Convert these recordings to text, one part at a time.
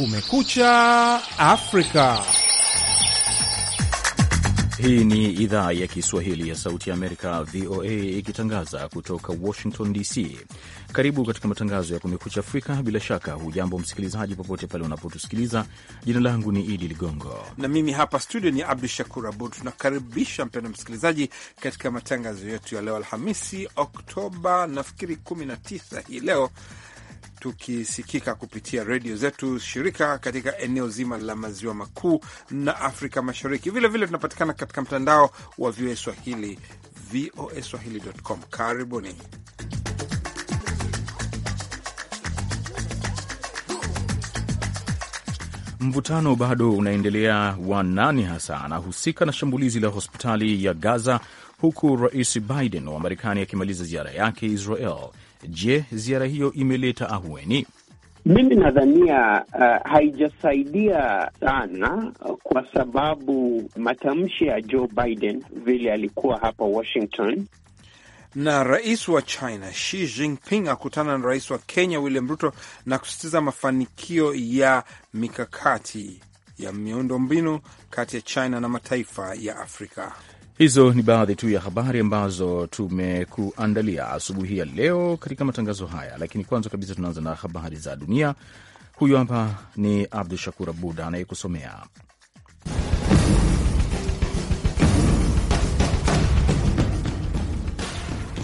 Kumekucha Afrika. Hii ni idhaa ya Kiswahili ya Sauti ya Amerika, VOA, ikitangaza kutoka Washington DC. Karibu katika matangazo ya Kumekucha Afrika. Bila shaka, hujambo msikilizaji, popote pale unapotusikiliza. Jina langu ni Idi Ligongo na mimi hapa studio ni Abdu Shakur Abud. Tunakaribisha mpendo msikilizaji katika matangazo yetu ya leo Alhamisi, Oktoba nafikiri 19 hii leo tukisikika kupitia redio zetu shirika katika eneo zima la maziwa makuu na Afrika Mashariki. Vilevile tunapatikana katika mtandao wa VOA Swahili, VOA Swahili.com. Karibuni. Mvutano bado unaendelea wa nani hasa anahusika na shambulizi la hospitali ya Gaza, huku Rais Biden wa Marekani akimaliza ziara yake Israel. Je, ziara hiyo imeleta ahueni? Mimi nadhania uh, haijasaidia sana kwa sababu matamshi ya Joe Biden vile alikuwa hapa Washington. Na rais wa China Xi Jinping akutana na rais wa Kenya William Ruto na kusisitiza mafanikio ya mikakati ya miundo mbinu kati ya China na mataifa ya Afrika. Hizo ni baadhi tu ya habari ambazo tumekuandalia asubuhi ya leo katika matangazo haya, lakini kwanza kabisa tunaanza na habari za dunia. Huyu hapa ni Abdu Shakur Abud anayekusomea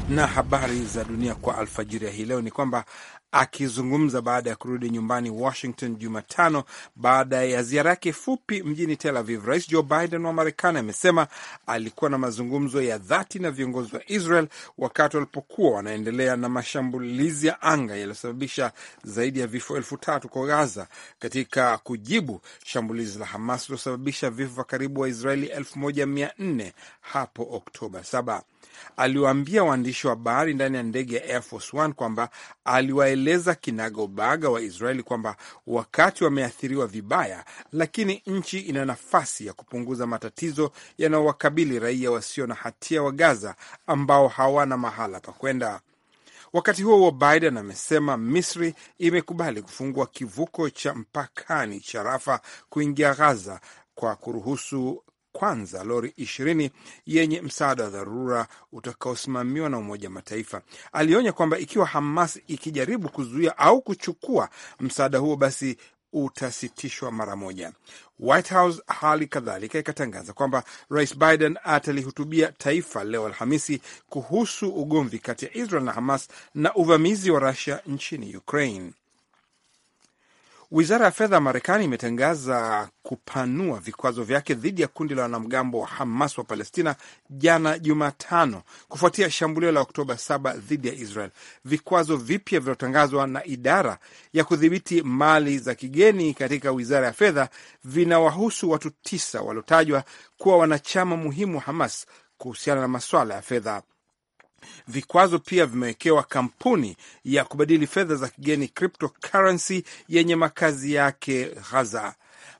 Na habari za dunia kwa alfajiri ya hii leo ni kwamba akizungumza baada ya kurudi nyumbani Washington Jumatano baada ya ziara yake fupi mjini Tel Aviv, Rais Joe Biden wa Marekani amesema alikuwa na mazungumzo ya dhati na viongozi wa Israel wakati walipokuwa wanaendelea na mashambulizi ya anga yaliyosababisha zaidi ya vifo elfu tatu kwa Gaza, katika kujibu shambulizi la Hamas iliosababisha vifo vya karibu Waisraeli elfu moja mia nne hapo Oktoba saba aliwaambia waandishi wa habari ndani ya ndege ya Air Force One kwamba aliwaeleza kinagaubaga wa Israeli kwamba wakati wameathiriwa vibaya, lakini nchi ina nafasi ya kupunguza matatizo yanayowakabili raia wasio na hatia wa Gaza ambao hawana mahala pa kwenda. Wakati huo huo, Biden amesema Misri imekubali kufungua kivuko cha mpakani cha Rafa kuingia Gaza kwa kuruhusu kwanza lori ishirini yenye msaada wa dharura utakaosimamiwa na Umoja Mataifa. Alionya kwamba ikiwa Hamas ikijaribu kuzuia au kuchukua msaada huo, basi utasitishwa mara moja. White House hali kadhalika ikatangaza kwamba Rais Biden atalihutubia taifa leo Alhamisi kuhusu ugomvi kati ya Israel na Hamas na uvamizi wa Rusia nchini Ukraine. Wizara ya fedha ya Marekani imetangaza kupanua vikwazo vyake dhidi ya kundi la wanamgambo wa Hamas wa Palestina jana Jumatano, kufuatia shambulio la Oktoba 7 dhidi ya Israel. Vikwazo vipya vilivyotangazwa na idara ya kudhibiti mali za kigeni katika wizara ya fedha vinawahusu watu tisa waliotajwa kuwa wanachama muhimu wa Hamas kuhusiana na maswala ya fedha. Vikwazo pia vimewekewa kampuni ya kubadili fedha za kigeni cryptocurrency yenye makazi yake Ghaza.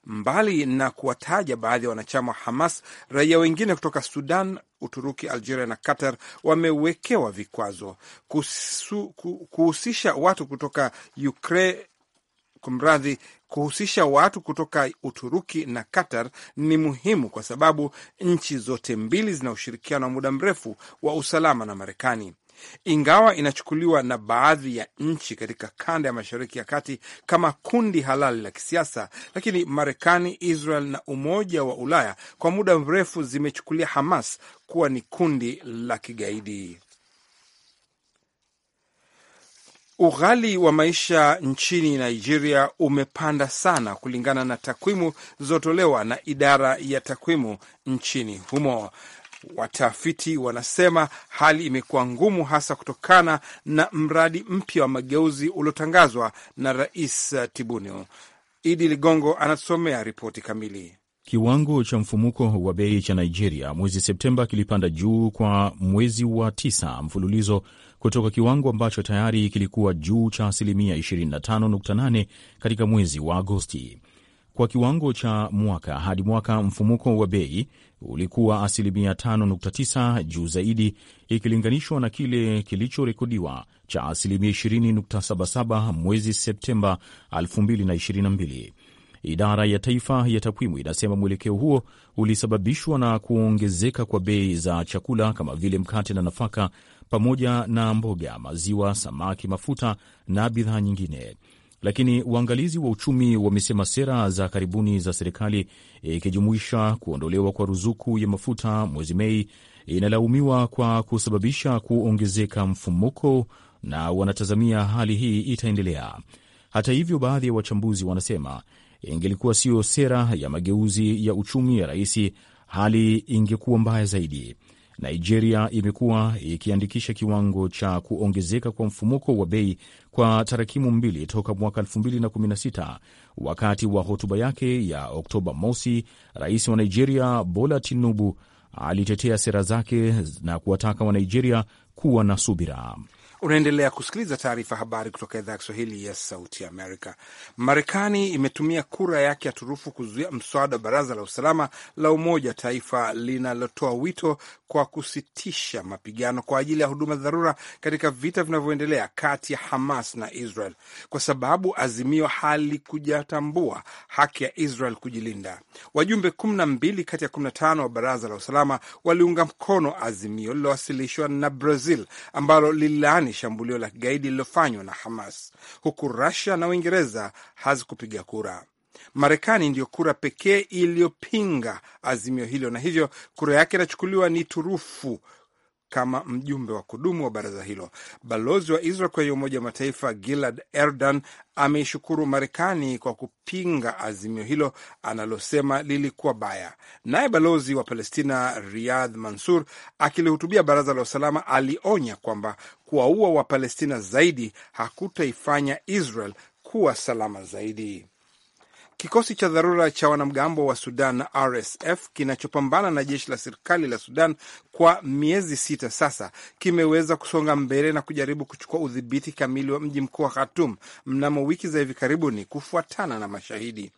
Mbali na kuwataja baadhi ya wanachama wa Hamas, raia wengine kutoka Sudan, Uturuki, Algeria na Qatar wamewekewa vikwazo. Kuhusisha watu kutoka Ukraine, kumradhi, kuhusisha watu kutoka Uturuki na Qatar ni muhimu kwa sababu nchi zote mbili zina ushirikiano wa muda mrefu wa usalama na Marekani. Ingawa inachukuliwa na baadhi ya nchi katika kanda ya Mashariki ya Kati kama kundi halali la kisiasa, lakini Marekani, Israel na Umoja wa Ulaya kwa muda mrefu zimechukulia Hamas kuwa ni kundi la kigaidi. Ughali wa maisha nchini Nigeria umepanda sana kulingana na takwimu zilizotolewa na idara ya takwimu nchini humo. Watafiti wanasema hali imekuwa ngumu hasa kutokana na mradi mpya wa mageuzi uliotangazwa na Rais Tibuni. Idi Ligongo anatusomea ripoti kamili. Kiwango cha mfumuko wa bei cha Nigeria mwezi Septemba kilipanda juu kwa mwezi wa tisa mfululizo kutoka kiwango ambacho tayari kilikuwa juu cha asilimia 25.8 katika mwezi wa Agosti. Kwa kiwango cha mwaka hadi mwaka, mfumuko wa bei ulikuwa asilimia 5.9 juu zaidi ikilinganishwa na kile kilichorekodiwa cha asilimia 20.77 mwezi Septemba 2022. Idara ya Taifa ya Takwimu inasema mwelekeo huo ulisababishwa na kuongezeka kwa bei za chakula kama vile mkate na nafaka, pamoja na mboga, maziwa, samaki, mafuta na bidhaa nyingine. Lakini waangalizi wa uchumi wamesema sera za karibuni za serikali ikijumuisha e, kuondolewa kwa ruzuku ya mafuta mwezi Mei inalaumiwa kwa kusababisha kuongezeka mfumuko na wanatazamia hali hii itaendelea. Hata hivyo, baadhi ya wachambuzi wanasema ingelikuwa siyo sera ya mageuzi ya uchumi ya rais, hali ingekuwa mbaya zaidi. Nigeria imekuwa ikiandikisha kiwango cha kuongezeka kwa mfumuko wa bei kwa tarakimu mbili toka mwaka 2016. Wakati wa hotuba yake ya Oktoba mosi, rais wa Nigeria Bola Tinubu alitetea sera zake na kuwataka Wanigeria kuwa na subira. Unaendelea kusikiliza taarifa habari kutoka idhaa ya Kiswahili ya Sauti Amerika. Marekani imetumia kura yake ya turufu kuzuia mswada wa baraza la usalama la Umoja wa Taifa linalotoa wito kwa kusitisha mapigano kwa ajili ya huduma za dharura katika vita vinavyoendelea kati ya Hamas na Israel kwa sababu azimio halikujatambua haki ya Israel kujilinda. Wajumbe kumi na mbili kati ya kumi na tano wa baraza la usalama waliunga mkono azimio lililowasilishwa na Brazil ambalo lililaani Marekani shambulio la kigaidi lililofanywa na Hamas, huku Rusia na Uingereza hazikupiga kura. Marekani ndiyo kura pekee iliyopinga azimio hilo, na hivyo kura yake inachukuliwa ni turufu kama mjumbe wa kudumu wa baraza hilo. Balozi wa Israel kwenye Umoja wa Mataifa Gilad Erdan ameishukuru Marekani kwa kupinga azimio hilo analosema lilikuwa baya. Naye balozi wa Palestina Riyadh Mansur akilihutubia baraza la usalama alionya kwamba kuwaua Wapalestina zaidi hakutaifanya Israel kuwa salama zaidi. Kikosi cha dharura cha wanamgambo wa Sudan RSF kinachopambana na jeshi la serikali la Sudan kwa miezi sita sasa kimeweza kusonga mbele na kujaribu kuchukua udhibiti kamili wa mji mkuu wa khatum mnamo wiki za hivi karibuni. Kufuatana na mashahidi,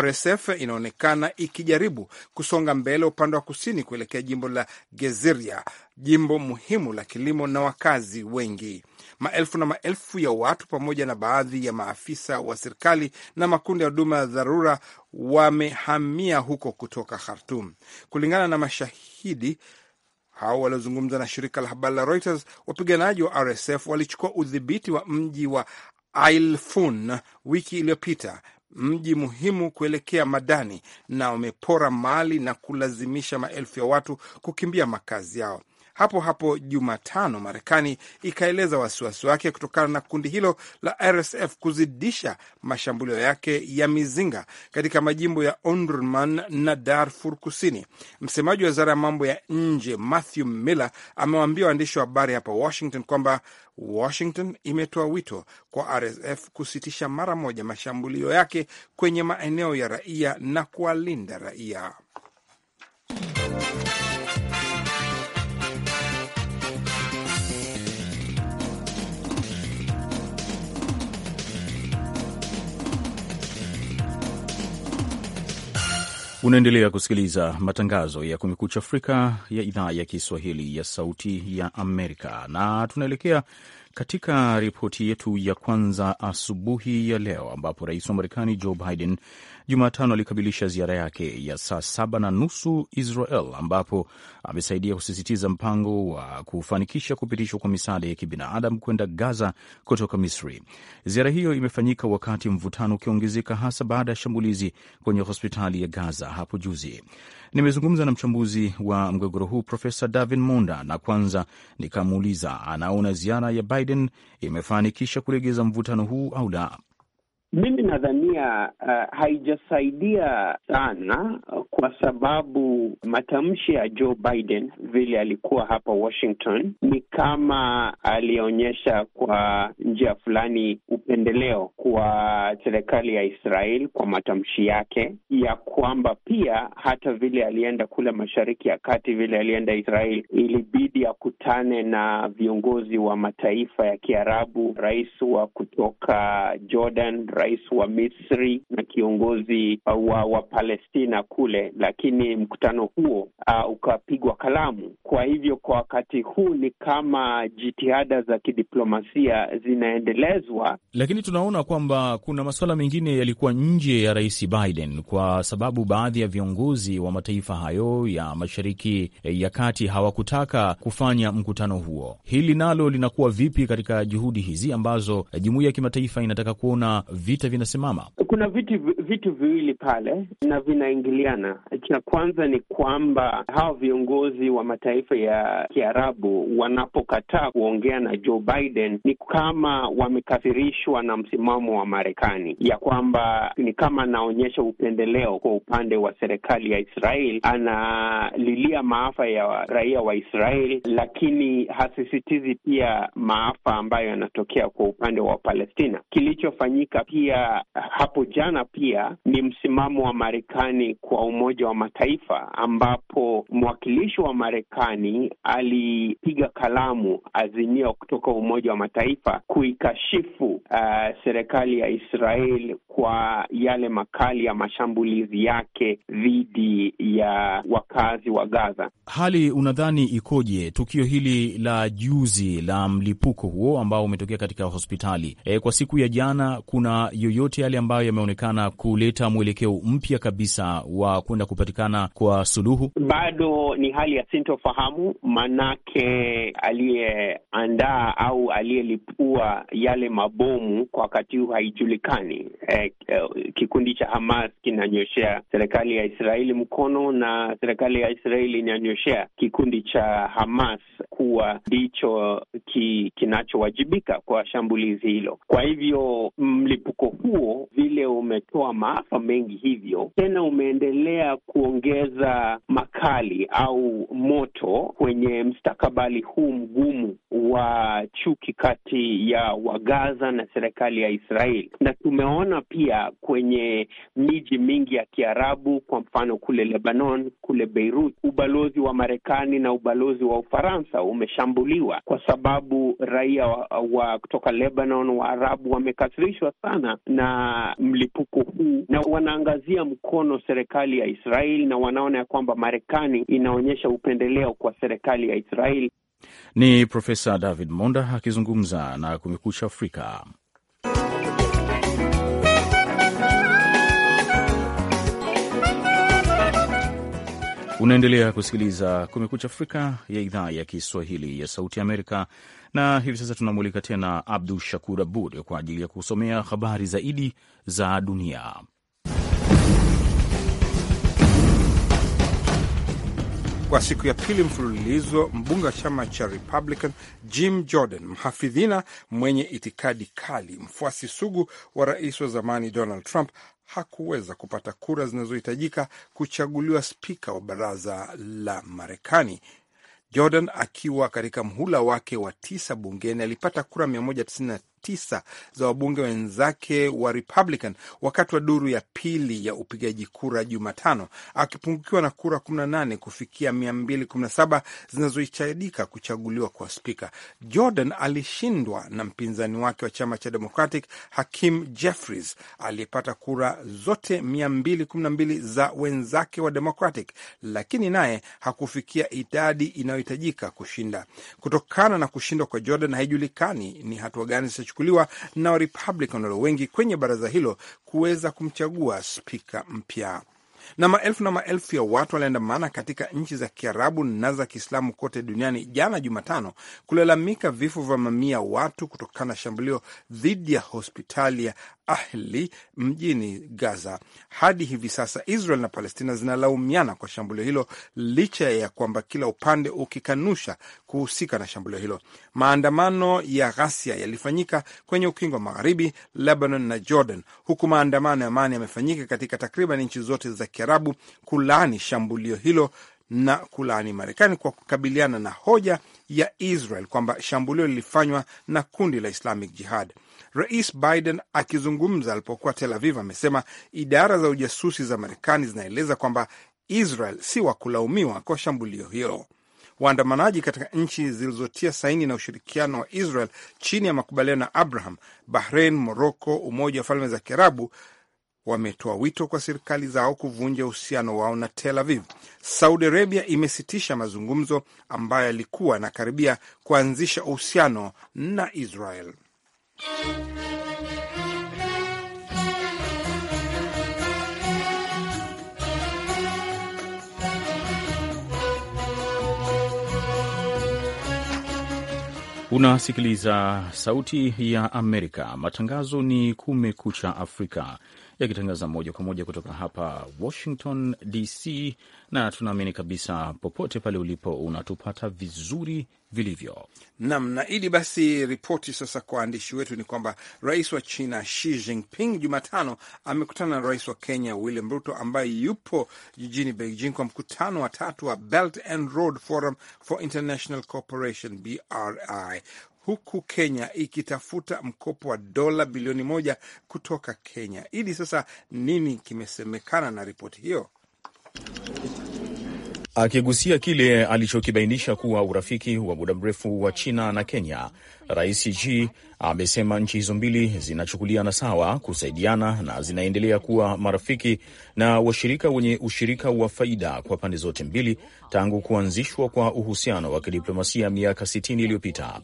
RSF inaonekana ikijaribu kusonga mbele upande wa kusini kuelekea jimbo la Gezeria jimbo muhimu la kilimo na wakazi wengi. Maelfu na maelfu ya watu pamoja na baadhi ya maafisa wa serikali na makundi ya huduma ya dharura wamehamia huko kutoka Khartum, kulingana na mashahidi hao waliozungumza na shirika la habari la Reuters. Wapiganaji wa RSF walichukua udhibiti wa mji wa Ailfun wiki iliyopita, mji muhimu kuelekea Madani, na wamepora mali na kulazimisha maelfu ya watu kukimbia makazi yao. Hapo hapo Jumatano, Marekani ikaeleza wasiwasi wake kutokana na kundi hilo la RSF kuzidisha mashambulio yake ya mizinga katika majimbo ya Omdurman na Darfur Kusini. Msemaji wa wizara ya mambo ya nje Matthew Miller amewaambia waandishi wa habari hapa Washington kwamba Washington imetoa wito kwa RSF kusitisha mara moja mashambulio yake kwenye maeneo ya raia na kuwalinda raia. Unaendelea kusikiliza matangazo ya Kumekucha Afrika ya idhaa ya Kiswahili ya Sauti ya Amerika, na tunaelekea katika ripoti yetu ya kwanza asubuhi ya leo, ambapo rais wa Marekani Joe Biden Jumatano alikamilisha ziara yake ya saa saba na nusu Israel, ambapo amesaidia kusisitiza mpango wa kufanikisha kupitishwa kwa misaada ya kibinadamu kwenda Gaza kutoka Misri. Ziara hiyo imefanyika wakati mvutano ukiongezeka, hasa baada ya shambulizi kwenye hospitali ya Gaza hapo juzi. Nimezungumza na mchambuzi wa mgogoro huu Profesa Davin Monda, na kwanza nikamuuliza anaona ziara ya Biden imefanikisha kulegeza mvutano huu au la. Mimi nadhania uh, haijasaidia sana kwa sababu matamshi ya Joe Biden vile alikuwa hapa Washington ni kama alionyesha kwa njia fulani upendeleo kwa serikali ya Israel kwa matamshi yake ya kwamba pia hata vile alienda kule Mashariki ya Kati, vile alienda Israel, ilibidi akutane na viongozi wa mataifa ya Kiarabu, rais wa kutoka Jordan, rais wa Misri na kiongozi wa Wapalestina kule lakini mkutano huo uh, ukapigwa kalamu. Kwa hivyo kwa wakati huu ni kama jitihada za kidiplomasia zinaendelezwa, lakini tunaona kwamba kuna masuala mengine yalikuwa nje ya Rais Biden kwa sababu baadhi ya viongozi wa mataifa hayo ya Mashariki eh, ya Kati hawakutaka kufanya mkutano huo. Hili nalo linakuwa vipi katika juhudi hizi ambazo eh, jumuiya ya kimataifa inataka kuona vita vinasimama? Kuna vitu vitu viwili pale na vinaingiliana. Cha kwanza ni kwamba hawa viongozi wa mataifa ya Kiarabu wanapokataa kuongea na Joe Biden ni kama wamekasirishwa na msimamo wa Marekani, ya kwamba ni kama anaonyesha upendeleo kwa upande wa serikali ya Israel, analilia maafa ya raia wa Israel, lakini hasisitizi pia maafa ambayo yanatokea kwa upande wa Palestina. Kilichofanyika pia hapo jana pia ni msimamo wa Marekani kwa umoja Umoja wa Mataifa ambapo mwakilishi wa Marekani alipiga kalamu azimio kutoka Umoja wa Mataifa kuikashifu uh, serikali ya Israel kwa yale makali ya mashambulizi yake dhidi ya wakazi wa Gaza. Hali unadhani ikoje tukio hili la juzi la mlipuko huo ambao umetokea katika hospitali e, kwa siku ya jana, kuna yoyote yale ambayo yameonekana kuleta mwelekeo mpya kabisa wa kwenda kupatikana kwa suluhu? Bado ni hali ya sintofahamu, manake aliyeandaa au aliyelipua yale mabomu kwa wakati huu haijulikani. E, e, kikundi cha Hamas kinanyoshea serikali ya Israeli mkono na serikali ya Israeli inanyoshea kikundi cha Hamas kuwa ndicho ki, kinachowajibika kwa shambulizi hilo. Kwa hivyo mlipuko huo vile umetoa maafa mengi, hivyo tena umeendelea kuendelea kuongeza makali au moto kwenye mstakabali huu mgumu wa chuki kati ya Wagaza na serikali ya Israeli, na tumeona pia kwenye miji mingi ya Kiarabu, kwa mfano kule Lebanon, kule Beirut, ubalozi wa Marekani na ubalozi wa Ufaransa umeshambuliwa kwa sababu raia wa, wa kutoka Lebanon, Waarabu wamekasirishwa sana na mlipuko huu na wanaangazia mkono serikali ya Israeli na wanaona ya kwamba Marekani inaonyesha upendeleo kwa serikali ya Israeli. Ni Profesa David Monda akizungumza na Kumekucha Afrika. Unaendelea kusikiliza Kumekucha Afrika ya idhaa ya Kiswahili ya Sauti Amerika, na hivi sasa tunamulika tena Abdu Shakur Abud kwa ajili ya kusomea habari zaidi za dunia. Kwa siku ya pili mfululizo, mbunge wa chama cha Republican Jim Jordan, mhafidhina mwenye itikadi kali, mfuasi sugu wa rais wa zamani Donald Trump, hakuweza kupata kura zinazohitajika kuchaguliwa spika wa baraza la Marekani. Jordan akiwa katika mhula wake wa tisa bungeni alipata kura tisa za wabunge wenzake wa Republican wakati wa duru ya pili ya upigaji kura Jumatano, akipungukiwa na kura 18 kufikia 217 zinazohitajika kuchaguliwa kwa spika. Jordan alishindwa na mpinzani wake wa chama cha Democratic Hakim Jeffries aliyepata kura zote 212 za wenzake wa Democratic, lakini naye hakufikia idadi inayohitajika kushinda. Kutokana na kushindwa kwa Jordan, haijulikani ni hatua gani kuchukuliwa na Warepublican walio wengi kwenye baraza hilo kuweza kumchagua spika mpya na maelfu na maelfu ya watu waliandamana katika nchi za Kiarabu na za Kiislamu kote duniani jana Jumatano kulalamika vifo vya mamia watu kutokana na shambulio dhidi ya hospitali ya Ahli mjini Gaza. Hadi hivi sasa Israel na Palestina zinalaumiana kwa shambulio hilo licha ya kwamba kila upande ukikanusha kuhusika na shambulio hilo. Maandamano ya ghasia yalifanyika kwenye ukingo wa magharibi, Lebanon na Jordan, huku maandamano ya amani yamefanyika katika takriban nchi zote za Kiarabu kulaani shambulio hilo na kulaani Marekani kwa kukabiliana na hoja ya Israel kwamba shambulio lilifanywa na kundi la Islamic Jihad. Rais Biden akizungumza alipokuwa Tel Aviv amesema idara za ujasusi za Marekani zinaeleza kwamba Israel si wa kulaumiwa kwa shambulio hilo. Waandamanaji katika nchi zilizotia saini na ushirikiano wa Israel chini ya makubaliano ya Abraham, Bahrain, Moroko, Umoja wa Falme za Kiarabu wametoa wito kwa serikali zao kuvunja uhusiano wao na Tel Aviv. Saudi Arabia imesitisha mazungumzo ambayo yalikuwa yanakaribia kuanzisha uhusiano na Israel. Unasikiliza Sauti ya Amerika, matangazo ni Kumekucha Afrika yakitangaza moja kwa moja kutoka hapa Washington DC, na tunaamini kabisa popote pale ulipo unatupata vizuri vilivyo. nam na ili basi ripoti sasa kwa waandishi wetu ni kwamba rais wa China Xi Jinping Jumatano amekutana na rais wa Kenya William Ruto ambaye yupo jijini Beijing kwa mkutano wa tatu wa Belt and Road Forum for International Cooperation BRI huku Kenya ikitafuta mkopo wa dola bilioni moja kutoka Kenya. Ili sasa nini kimesemekana na ripoti hiyo? Akigusia kile alichokibainisha kuwa urafiki wa muda mrefu wa China na Kenya, Rais Xi amesema nchi hizo mbili zinachukuliana sawa, kusaidiana na zinaendelea kuwa marafiki na washirika wenye ushirika wa faida kwa pande zote mbili tangu kuanzishwa kwa uhusiano wa kidiplomasia miaka 60 iliyopita.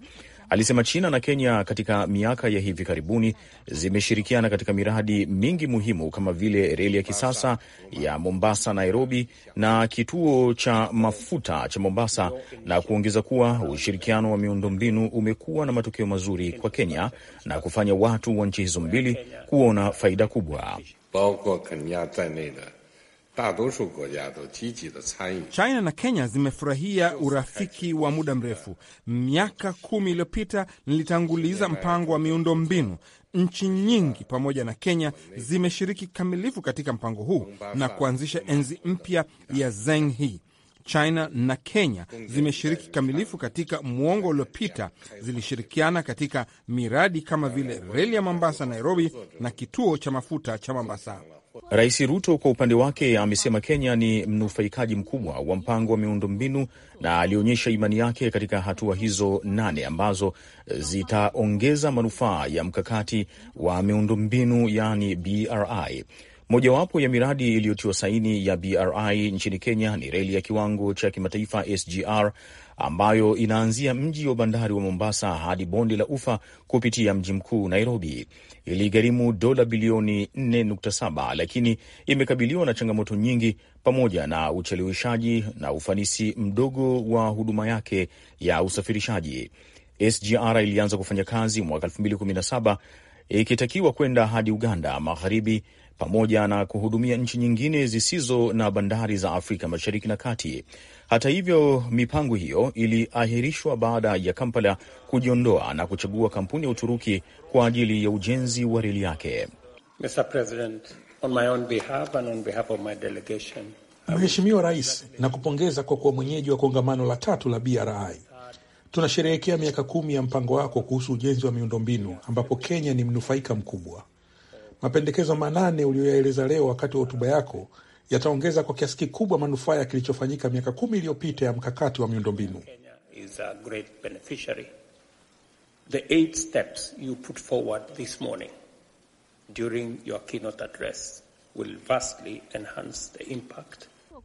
Alisema China na Kenya katika miaka ya hivi karibuni zimeshirikiana katika miradi mingi muhimu kama vile reli ya kisasa ya Mombasa Nairobi na kituo cha mafuta cha Mombasa, na kuongeza kuwa ushirikiano wa miundombinu umekuwa na matokeo mazuri kwa Kenya na kufanya watu wa nchi hizo mbili kuona faida kubwa. China na Kenya zimefurahia urafiki wa muda mrefu. Miaka kumi iliyopita nilitanguliza mpango wa miundo mbinu. Nchi nyingi pamoja na Kenya zimeshiriki kikamilifu katika mpango huu na kuanzisha enzi mpya ya Zeng He. China na Kenya zimeshiriki kikamilifu katika muongo uliopita. Zilishirikiana katika miradi kama vile reli ya Mombasa Nairobi na kituo cha mafuta cha Mombasa. Rais Ruto kwa upande wake amesema Kenya ni mnufaikaji mkubwa wa mpango wa miundombinu na alionyesha imani yake katika hatua hizo nane ambazo zitaongeza manufaa ya mkakati wa miundombinu yani BRI. Mojawapo ya miradi iliyotiwa saini ya BRI nchini Kenya ni reli ya kiwango cha kimataifa SGR ambayo inaanzia mji wa bandari wa Mombasa hadi bonde la Ufa kupitia mji mkuu Nairobi, iligharimu dola bilioni 4.7, lakini imekabiliwa na changamoto nyingi pamoja na ucheleweshaji na ufanisi mdogo wa huduma yake ya usafirishaji. SGR ilianza kufanya kazi mwaka 2017 ikitakiwa kwenda hadi Uganda magharibi pamoja na kuhudumia nchi nyingine zisizo na bandari za Afrika Mashariki na Kati. Hata hivyo, mipango hiyo iliahirishwa baada ya Kampala kujiondoa na kuchagua kampuni ya Uturuki kwa ajili ya ujenzi wa reli yake. Mheshimiwa Rais, nakupongeza kwa kuwa mwenyeji wa kongamano la tatu la BRI. Tunasherehekea miaka kumi ya mpango wako kuhusu ujenzi wa miundombinu ambapo Kenya ni mnufaika mkubwa. Mapendekezo manane uliyoyaeleza leo wakati wa hotuba yako yataongeza kwa kiasi kikubwa manufaa ya kilichofanyika miaka kumi iliyopita ya mkakati wa miundombinu.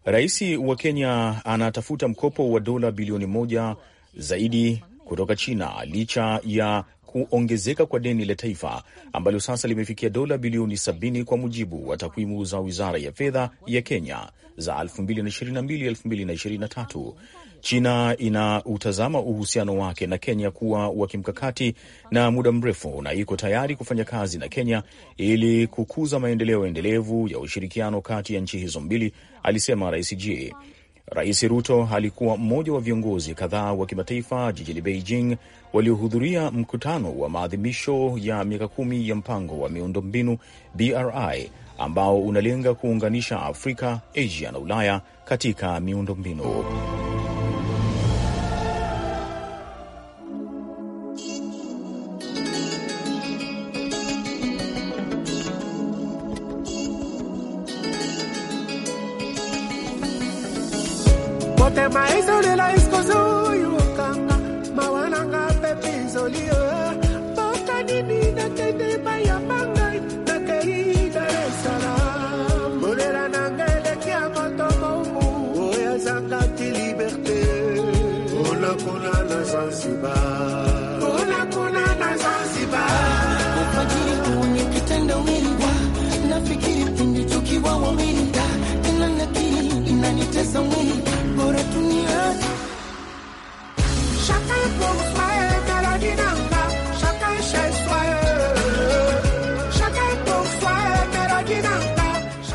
Rais wa Kenya anatafuta mkopo wa dola bilioni moja zaidi kutoka China licha ya kuongezeka kwa deni la taifa ambalo sasa limefikia dola bilioni 70 kwa mujibu wa takwimu za Wizara ya Fedha ya Kenya za 2022-2023. China inautazama uhusiano wake na Kenya kuwa wa kimkakati na muda mrefu na iko tayari kufanya kazi na Kenya ili kukuza maendeleo endelevu ya ushirikiano kati ya nchi hizo mbili, alisema Rais G. Rais Ruto alikuwa mmoja wa viongozi kadhaa wa kimataifa jijini Beijing waliohudhuria mkutano wa maadhimisho ya miaka kumi ya mpango wa miundombinu BRI ambao unalenga kuunganisha Afrika, Asia na Ulaya katika miundombinu.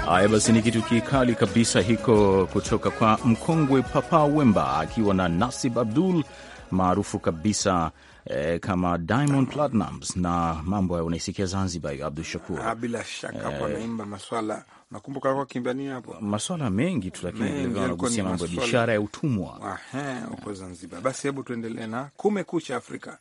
Haya basi, ni kitu kikali kabisa hiko kutoka kwa mkongwe Papa Wemba akiwa na Nasib Abdul maarufu kabisa eh, kama Diamond Platnumz na mambo hayo unaisikia Zanzibar, abdu Shakur, ah, bila shaka eh, wanaimba maswala Nakumbuka hapo maswala mengi tu, lakini anagusia mambo ya biashara ya utumwa huko Zanzibar. Basi hebu tuendelee na Kumekucha Afrika.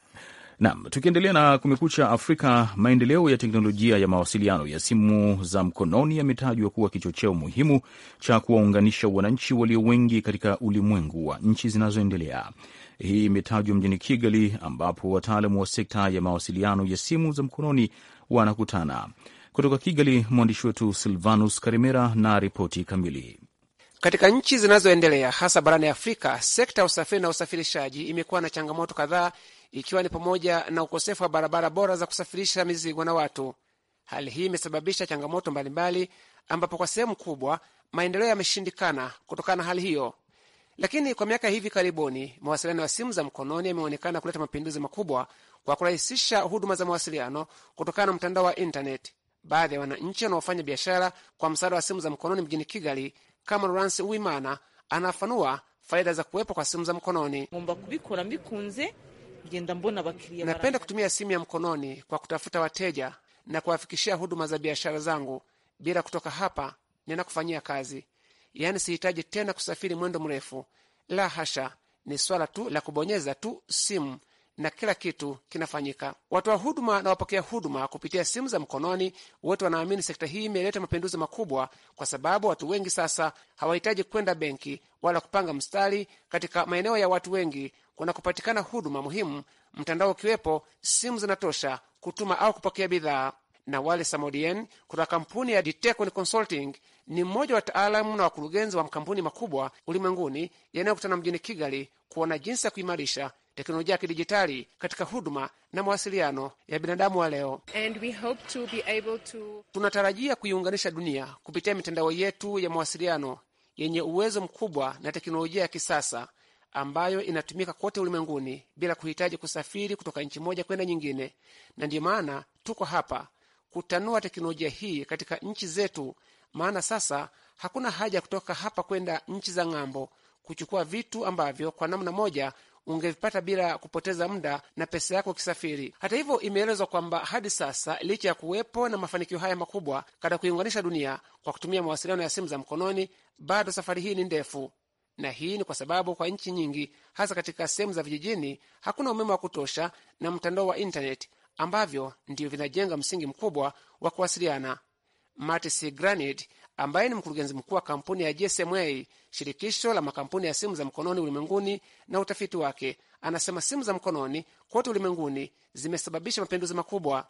Naam, tukiendelea na Kumekucha Afrika, maendeleo ya teknolojia ya mawasiliano ya simu za mkononi yametajwa kuwa kichocheo muhimu cha kuwaunganisha wananchi walio wengi katika ulimwengu wa nchi zinazoendelea. Hii imetajwa mjini Kigali, ambapo wataalamu wa sekta ya mawasiliano ya simu za mkononi wanakutana. Kutoka Kigali, mwandishi wetu Silvanus Karimera na ripoti kamili. Katika nchi zinazoendelea hasa barani Afrika, sekta ya usafiri na usafirishaji imekuwa na changamoto kadhaa, ikiwa ni pamoja na ukosefu wa barabara bora za kusafirisha mizigo na watu. Hali hii imesababisha changamoto mbalimbali, ambapo kwa sehemu kubwa maendeleo yameshindikana kutokana na hali hiyo. Lakini kwa miaka hivi karibuni, mawasiliano ya simu za mkononi yameonekana kuleta mapinduzi makubwa kwa kurahisisha huduma za mawasiliano kutokana na mtandao wa intaneti baadhi ya wananchi wanaofanya biashara kwa msaada wa simu za mkononi mjini Kigali, kama Lawrence Uwimana anafanua faida za kuwepo kwa simu za mkononi. Napenda kutumia simu ya mkononi kwa kutafuta wateja na kuwafikishia huduma za biashara zangu bila kutoka hapa ninakufanyia kazi, yaani sihitaji tena kusafiri mwendo mrefu. La hasha, ni swala tu la kubonyeza tu simu na kila kitu kinafanyika. Watoa huduma na wapokea huduma kupitia simu za mkononi wote wanaamini sekta hii imeleta mapinduzi makubwa, kwa sababu watu wengi sasa hawahitaji kwenda benki wala kupanga mstari katika maeneo ya watu wengi kuna kupatikana huduma muhimu, mtandao ukiwepo, simu zinatosha kutuma au kupokea bidhaa. Na wale Samodien kutoka kampuni ya Ditecon Consulting ni mmoja wa wataalamu na wakurugenzi wa makampuni makubwa ulimwenguni yanayokutana mjini Kigali kuona jinsi ya kuimarisha teknolojia ya kidijitali katika huduma na mawasiliano ya binadamu wa leo. to... tunatarajia kuiunganisha dunia kupitia mitandao yetu ya mawasiliano yenye uwezo mkubwa na teknolojia ya kisasa ambayo inatumika kote ulimwenguni bila kuhitaji kusafiri kutoka nchi moja kwenda nyingine, na ndiyo maana tuko hapa kutanua teknolojia hii katika nchi zetu, maana sasa hakuna haja ya kutoka hapa kwenda nchi za ng'ambo kuchukua vitu ambavyo kwa namna moja ungevipata bila kupoteza muda na pesa yako ukisafiri. Hata hivyo, imeelezwa kwamba hadi sasa, licha ya kuwepo na mafanikio haya makubwa katika kuiunganisha dunia kwa kutumia mawasiliano ya simu za mkononi, bado safari hii ni ndefu, na hii ni kwa sababu kwa nchi nyingi, hasa katika sehemu za vijijini, hakuna umeme wa kutosha na mtandao wa intaneti, ambavyo ndio vinajenga msingi mkubwa wa kuwasiliana. Matisi Granit ambaye ni mkurugenzi mkuu wa kampuni ya GSMA, shirikisho la makampuni ya simu za mkononi ulimwenguni, na utafiti wake, anasema simu za mkononi kote ulimwenguni zimesababisha mapinduzi makubwa.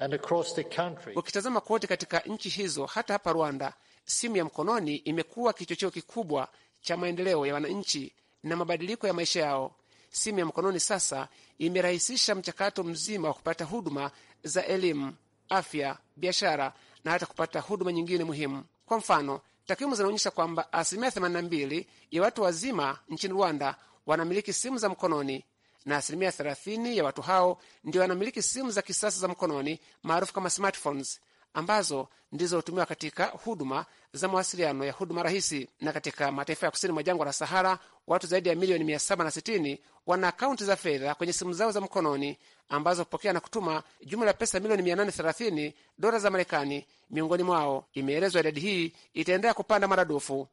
Ukitazama kote katika nchi hizo, hata hapa Rwanda, simu ya mkononi imekuwa kichocheo kikubwa cha maendeleo ya wananchi na mabadiliko ya maisha yao. Simu ya mkononi sasa imerahisisha mchakato mzima wa kupata huduma za elimu, afya, biashara na hata kupata huduma nyingine muhimu. Kwa mfano, takwimu zinaonyesha kwamba asilimia 82 ya watu wazima nchini Rwanda wanamiliki simu za mkononi na asilimia 30 ya watu hao ndio wanamiliki simu za kisasa za mkononi maarufu kama smartphones ambazo ndizo hutumiwa katika huduma za mawasiliano ya huduma rahisi. Na katika mataifa ya kusini mwa jangwa la Sahara, watu zaidi ya milioni 760 wana akaunti za fedha kwenye simu zao za mkononi ambazo hupokea na kutuma jumla ya pesa milioni 830 dola za Marekani miongoni mwao. Imeelezwa idadi hii itaendelea kupanda maradufu.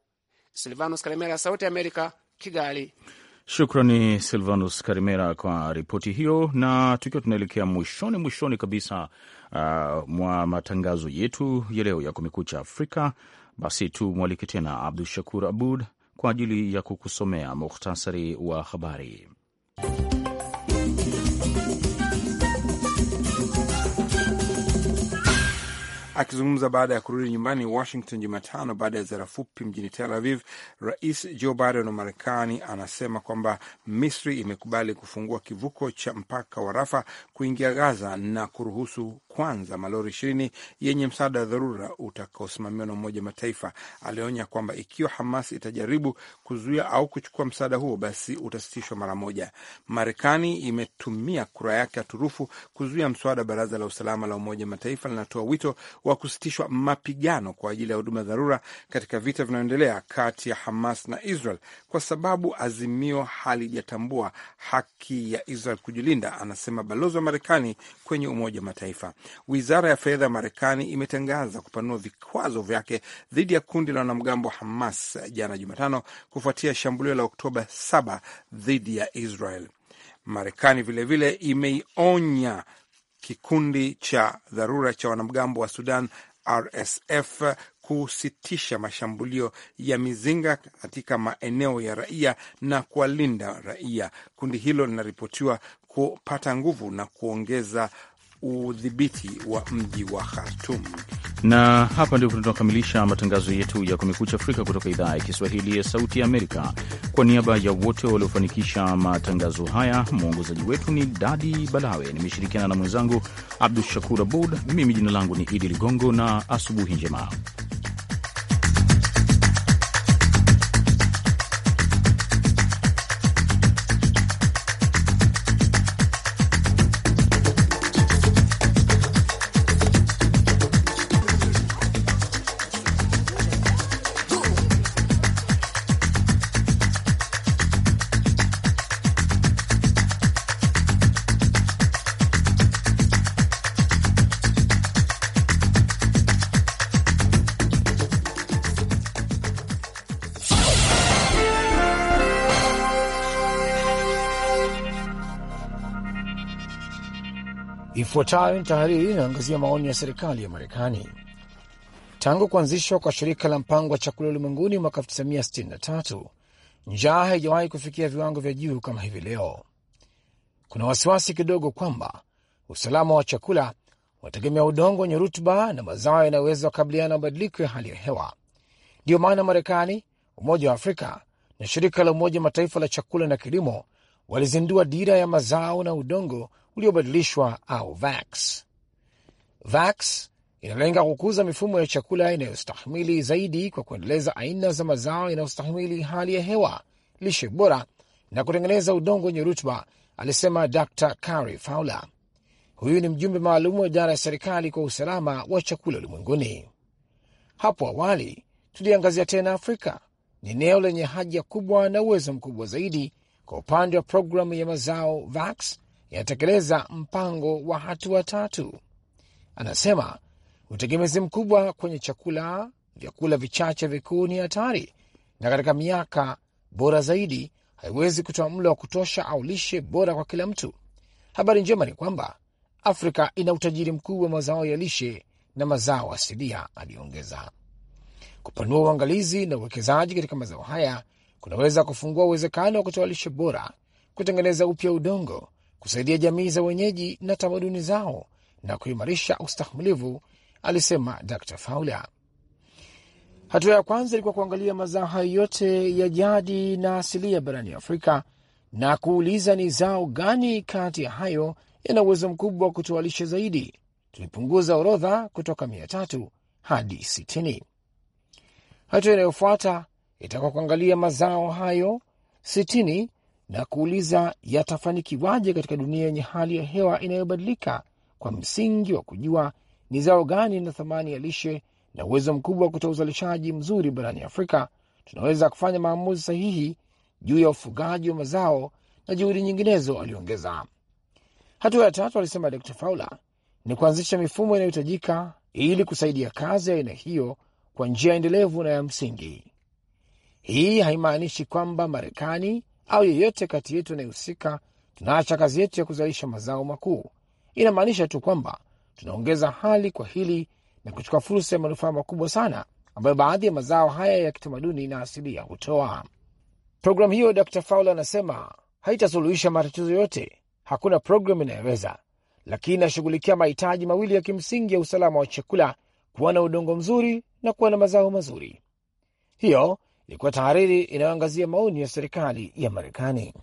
Silvanus Kalemera, Sauti ya Amerika, Kigali. Shukrani Silvanus Karimera kwa ripoti hiyo. Na tukiwa tunaelekea mwishoni mwishoni kabisa uh, mwa matangazo yetu ya leo ya Kumekucha Afrika, basi tumwalike tena Abdu Shakur Abud kwa ajili ya kukusomea muhtasari wa habari. Akizungumza baada ya kurudi nyumbani Washington Jumatano baada ya ziara fupi mjini Tel Aviv, Rais Joe Biden wa Marekani anasema kwamba Misri imekubali kufungua kivuko cha mpaka wa Rafa kuingia Gaza na kuruhusu kwanza malori ishirini yenye msaada wa dharura utakaosimamiwa na Umoja Mataifa. Alionya kwamba ikiwa Hamas itajaribu kuzuia au kuchukua msaada huo, basi utasitishwa mara moja. Marekani imetumia kura yake ya turufu kuzuia mswada Baraza la Usalama la Umoja Mataifa linatoa wito wa kusitishwa mapigano kwa ajili ya huduma dharura katika vita vinayoendelea kati ya Hamas na Israel kwa sababu azimio halijatambua haki ya Israel kujilinda, anasema balozi wa Marekani kwenye Umoja wa Mataifa. Wizara ya fedha ya Marekani imetangaza kupanua vikwazo vyake dhidi ya kundi la wanamgambo wa Hamas jana Jumatano kufuatia shambulio la Oktoba 7 dhidi ya Israel. Marekani vilevile imeionya kikundi cha dharura cha wanamgambo wa Sudan RSF kusitisha mashambulio ya mizinga katika maeneo ya raia na kuwalinda raia. Kundi hilo linaripotiwa kupata nguvu na kuongeza udhibiti wa mji wa Khartum. Na hapa ndipo tunakamilisha matangazo yetu ya Kumekucha Afrika kutoka idhaa ya Kiswahili ya Sauti ya Amerika. Kwa niaba ya wote waliofanikisha matangazo haya, mwongozaji wetu ni Dadi Balawe, nimeshirikiana na mwenzangu Abdu Shakur Abud. Mimi jina langu ni Idi Ligongo na asubuhi njema. Ifuatayo ni tahariri inaangazia maoni ya serikali ya Marekani. Tangu kuanzishwa kwa shirika la mpango wa chakula ulimwenguni mwaka 1963 njaa haijawahi kufikia viwango vya juu kama hivi leo. Kuna wasiwasi kidogo kwamba usalama wa chakula unategemea udongo wenye rutuba na mazao yanayoweza kukabiliana na mabadiliko ya hali ya hewa. Ndiyo maana Marekani, Umoja wa Afrika na shirika la Umoja Mataifa la chakula na kilimo walizindua dira ya mazao na udongo uliobadilishwa au VAX. VAX inalenga kukuza mifumo ya chakula inayostahimili zaidi kwa kuendeleza aina za mazao yanayostahimili hali ya hewa, lishe bora na kutengeneza udongo wenye rutuba, alisema Dr Cary Fowler. Huyu ni mjumbe maalum wa idara ya serikali kwa usalama wa chakula ulimwenguni. Hapo awali tuliangazia tena Afrika, ni eneo lenye haja kubwa na uwezo mkubwa zaidi kwa upande wa programu ya mazao VAX inatekeleza mpango wa hatua tatu. Anasema utegemezi mkubwa kwenye chakula, vyakula vichache vikuu ni hatari, na katika miaka bora zaidi haiwezi kutoa mlo wa kutosha au lishe bora kwa kila mtu. Habari njema ni kwamba Afrika ina utajiri mkuu wa mazao ya lishe na mazao asilia, aliongeza. Kupanua uangalizi na uwekezaji katika mazao haya kunaweza kufungua uwezekano wa kutoa lishe bora, kutengeneza upya udongo kusaidia jamii za wenyeji na tamaduni zao na kuimarisha ustahimilivu, alisema Dr Faula. Hatua ya kwanza ilikuwa kuangalia mazao hayo yote ya jadi na asilia barani Afrika na kuuliza ni zao gani kati ya hayo yana uwezo mkubwa wa kutoa lishe zaidi. Tulipunguza orodha kutoka mia tatu hadi sitini. Hatua inayofuata itakuwa kuangalia mazao hayo sitini na kuuliza yatafanikiwaje katika dunia yenye hali ya hewa inayobadilika kwa msingi wa kujua ni zao gani na thamani ya lishe na uwezo mkubwa wa kutoa uzalishaji mzuri barani Afrika. Tunaweza kufanya maamuzi sahihi juu ya ufugaji wa mazao na juhudi nyinginezo, aliongeza. Hatua ya tatu, alisema Dr Faula, ni kuanzisha mifumo inayohitajika ili kusaidia kazi ya aina hiyo kwa njia endelevu na ya msingi. Hii haimaanishi kwamba Marekani au yeyote kati yetu anayehusika, tunaacha kazi yetu ya kuzalisha mazao makuu. Inamaanisha tu kwamba tunaongeza hali kwa hili na kuchukua fursa ya manufaa makubwa sana ambayo baadhi ya mazao haya ya kitamaduni na asilia hutoa. Programu hiyo, Dr Fowler anasema, haitasuluhisha matatizo yote, hakuna programu inayoweza, lakini inashughulikia mahitaji mawili ya kimsingi ya usalama wa chakula, kuwa na udongo mzuri na kuwa na mazao mazuri. Hiyo ilikuwa tahariri inayoangazia maoni ya serikali ya Marekani.